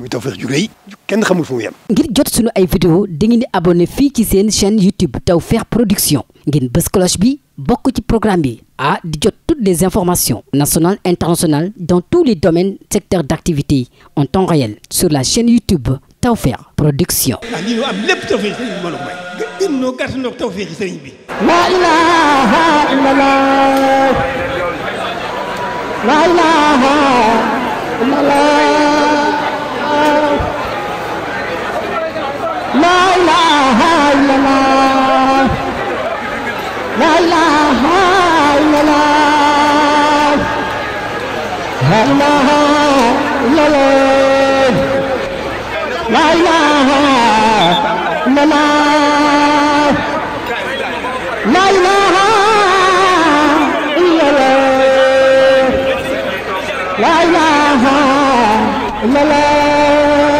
muy Tawfekh ju rëy kenn xamul fu mu yem. ngir jot sunu ay vidéo dangeen di abonné fii ci seen chaîne YouTube Tawfekh Production ngeen bës cloche bi bokk ci programme bi ah di jot toutes les informations nationales internationales dans tous les domaines secteurs d'activité en temps réel sur la chaîne YouTube Tawfekh Production. ah lii ñu am lépp Tawfekh sëriñ bi mbooloo mooy. gën gën ñoo gàtt ñoo Tawfekh sëriñ bi. la ilaha illallah la ilaha illallah. la la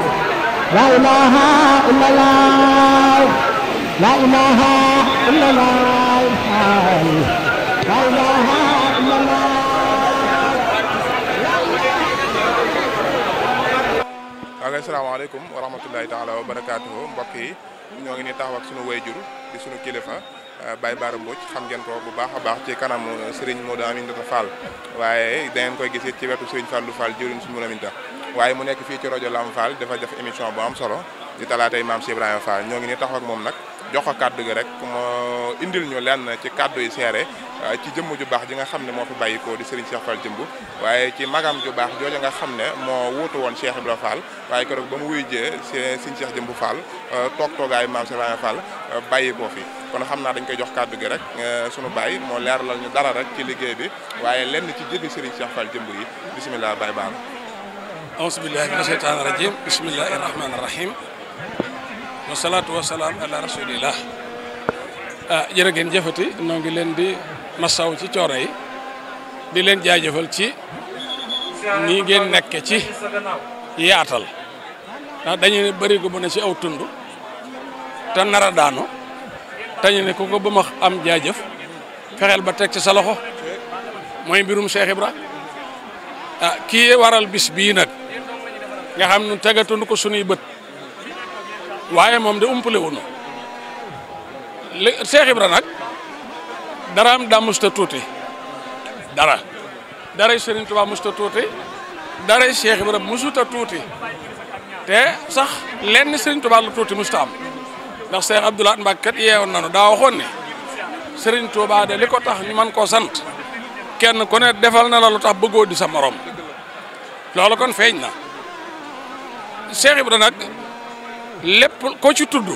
لا إله إلا الله لا إله إلا الله لا إله إلا الله wa rahmatullahi taala yi ñoo ngi ni taxaw ak woy wayjur di sunu kilifa euh, Baye Bara Mbodj xam ngeen ko bu baax a baax ci kanam Serigne Modou Aminta Fall waaye da ngeen koy gis ci wetu Serigne Fallou Fall jëriñ suñu Aminta waaye mu nekk fii ci rajo Lam Fall dafa def émission bu am solo di talaatay maam Cheikh Ibrahima Fall ñoo ngi ni taxaw ak moom nag jox ko kàddu gi rek moo indil ñu lenn ci kàddu yi seere ah, ci jëmm ju baax ji nga xam ne moo fi bàyyikoo di Serigne Cheikh Fall jëmb waaye ci magam ju baax nga xam ne moo wuutu woon Cheikh Ibrahima Fall waaye keroog ba mu wuy jee Serigne Cheikh jëmb Fall ah, toog toogaayu maam Cheikh Ibrahima Fall ah, bàyyi ko fi kon xam naa dañ koy jox kàddu gi rek sunu baay moo leeralal ñu dara rek ci liggéey bi waaye lenn ci jëfi Serigne Cheikh Fall jëmb yi bisimilah bay baal aousubillahi mina sheytaani rajim bismillahi rahmaani rahim wasalaatu wasalaam ala rasulillah ah jërë ngeen jëfati noo ngi leen di masaw ci coono yi di leen jaajëfal ci nii ngeen nekk ci yaatal ndax ah, dañu ne bërigo bu ne ci aw tund te nar a tañu ne ku ko ba ma am jaajëf fexeel ba teg ci sa loxo mooy mbirum Cheikh Ibra ah kii waral bis nag nga xam nu tegatundu ko sunuy bët waaye moom de umpale wunu li Seex Ibra nag dara am daa musta tuuti dara daray Sëriñ Tuubaa musta tuuti daray Seex Ibra musuta tuuti te sax lenn Sëriñ Tuubaa tuuti musta am ndax Seex Abdou Lahad Mbacké kat yeewoon na daa waxoon ne Sëriñ Tuubaa de li ko tax ñu man koo sant kenn ku ne defal na la lu tax bëggoo di sa morom loolu kon feeñ na Cheikh Ibra nag lépp ko ci tudd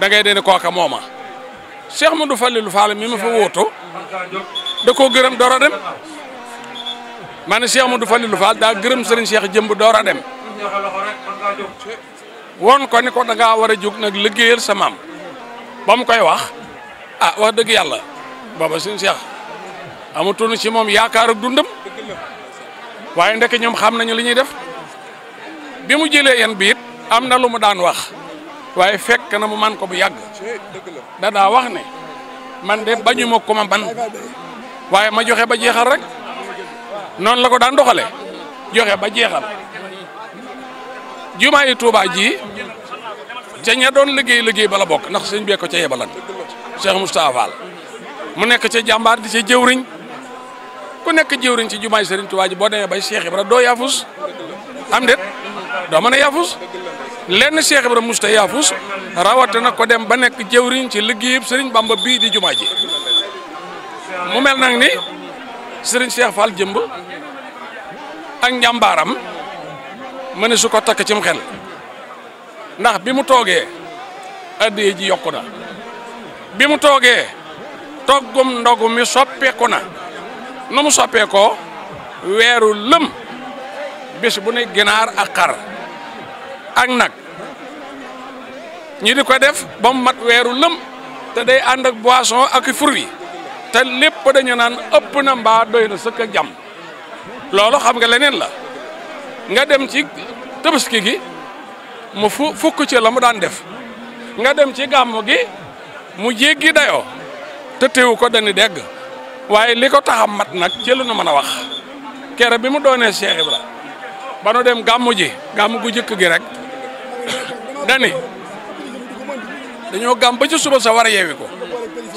da ngay dene kooka mooma Cheikh Modou Fallilou Fall mi ma fa wóoto da koo gërëm door a dem ma ne Cheikh Modou Fallilou Fall daa gërëm Serigne Cheikh jëmb door a dem woon ko ni ko da ngaa war a jóg nag liggéeyal sa maam ba koy wax a ah wax dëgg yàlla booba Serigne Cheikh amatuñu ci moom yaakaar ak dundam waaye ndek ñoom xam nañu li ñuy def bi mu jëlee yenn bi it am na lu mu daan wax waaye fekk na mu man ko bu yàgg da daa wax ne man de bañu ma ko ma ban waaye ma joxe ba jeexal rek noonu la ko daan doxale joxe ba jeexal jumaa yi Tuubaa ji ca ña doon liggéey liggéey bala bokk ndax sëñ bee ko ca yebalan Cheikh Moustapha Fall mu nekk ca jàmbaar di ca jëwriñ ku nekk jëwriñ ci jumaay Sëriñ Tuubaa ji boo demee bay Cheikh Ibra doo yaafus am déet doo mën a yaafus lenn Cheikh Ibrahima musta yaafus rawatina ko dem ba nekk jëwriñ ci liggéeyub sëriñ Bamba bii di jumaa ji mu mel nag ni sëriñ Cheikh Fall jëmb ak njàmbaaram ma ne su ko takk cim xel ndax bi mu toogee addiye ji yokku na bi mu toogee toggum ndogu mi soppeeku na nu mu soppeekoo weeru lëm bis bu ne ginaar ak xar ak nag ñu di ko def ba mu mat weeru lëm te day ànd ak boisson ak fruits te lépp dañu naan ëpp na mbaa doy na sëkk ak jàmm loolu xam nga leneen la nga dem ci tabaski gi mu fu fukk ci la mu daan def nga dem ci gàmm gi mu jéggi dayoo te teewu ko dañu dégg waaye li ko taxam mat nag ci lu nu mën a wax kere bi mu doonee Cheikh la ba dem gàmmu ji gàmmu gu jëkk gi rek dane dañoo gàm ba ci suba sa war a yeewi ko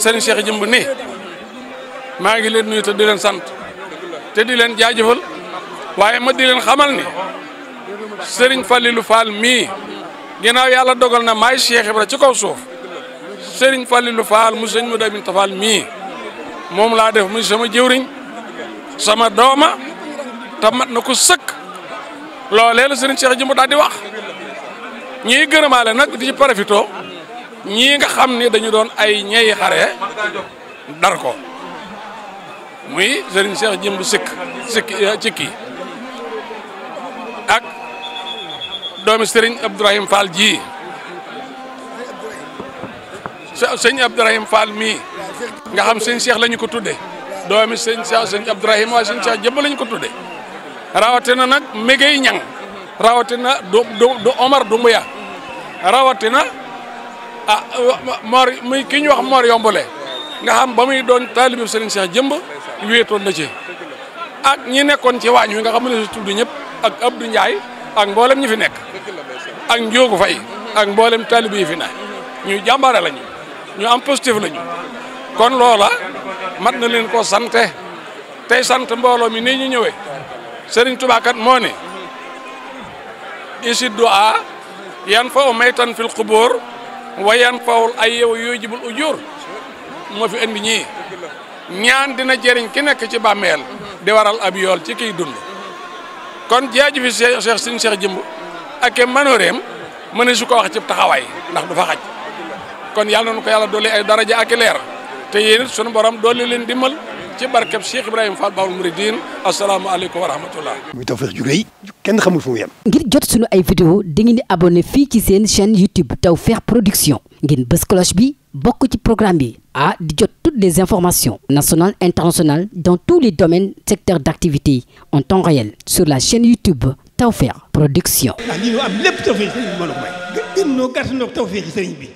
sëriñ Cheikh Jëmb ne maa ngi leen nuyu te di leen sant te di leen jaajëfal waaye ma di leen xamal ni sëriñ Fallilou Fall mii ginnaaw yàlla dogal na maay Cheikh Ibra ci kaw suuf sëriñ Fallilou Fall mu sëñ mu damin tafaal mii moom laa def muy sama jëwriñ sama dooma te mat na ko sëkk loolee la sëriñ Cheikh Jëmb daal wax ñii gërëmaale nag di ci profito ñii nga xam ni dañu doon ay ñey xare dar ko muy sëriñ Cheikh Jimbu Sikk Sikk Cikki ak doomi Serigne Abdourahim Fall ji sëñ Abdourahim Fall mii nga xam sëñ Cheikh lañu ko tudde doomi sëñ Cheikh sëñ Abdourahim waaye sëñ Cheikh jëmb lañu ko tudde rawatina nag mégay ñang rawatina du du Omar rawatina a ah, Mor muy ki ñu wax Mor yombule nga xam ba muy doon taalibe Serigne Cheikh jëmb wéetoon na ci ak ñii nekkoon ci waañ wi nga xam ne si tudd ñëpp ak Abdou Ndiaye ak mboolem ñi fi nekk ak Ndiogou Faye ak mboolem taalibe yi fi ne ñu jàmbaare lañu ñu am positif lañu kon loola mat na leen ko sante tey sant mbooloo mi nii ñu ñëwee Serigne Touba kat moo ne isid yan faw maytan fil qubur wa yan fawul ay yow yujibul ujur moo fi indi ñii ñaan dina jëriñ ki nekk ci bàmmeel di waral ab yool ci kiy dund kon jaaji fi Cheikh Cheikh sin Cheikh jëmb ak manoreem mën ne su ko wax ci taxawaay ndax du fa xaj kon yàlla na ko yàlla doole ay daraja ak leer te yéen sunu borom doole leen dimbal ci barkeb Cheikh Ibrahima Fall Baol Mouridine asalaamaaleykum wa rahmatullah. muy Tawfekh ju rëy kenn xamul fu mu yem. ngir jot sunu ay vidéo dangeen di abonné fii ci seen chaîne YouTube Tawfekh Production ngeen bës cloche bi bokk ci programme bi a ah, di jot toutes des informations national internationales dans tous les domaines secteurs d'activité en temps réel sur la chaîne YouTube Tawfekh Production. ah lii